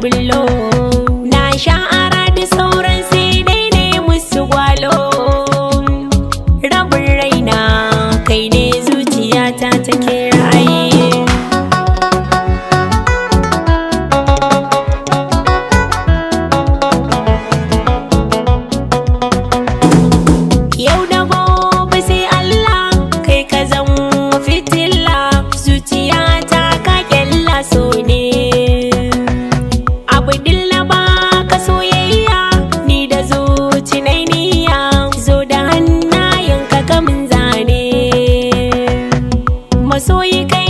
bullo na sha'ara da sauran sai dai ne musu gwalo Rabun raina kai ne zuciyata take ra'ayi 所以给。